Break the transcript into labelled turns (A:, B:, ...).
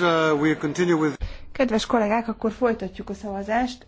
A: Uh, Kedves
B: kollégák, akkor folytatjuk a szavazást.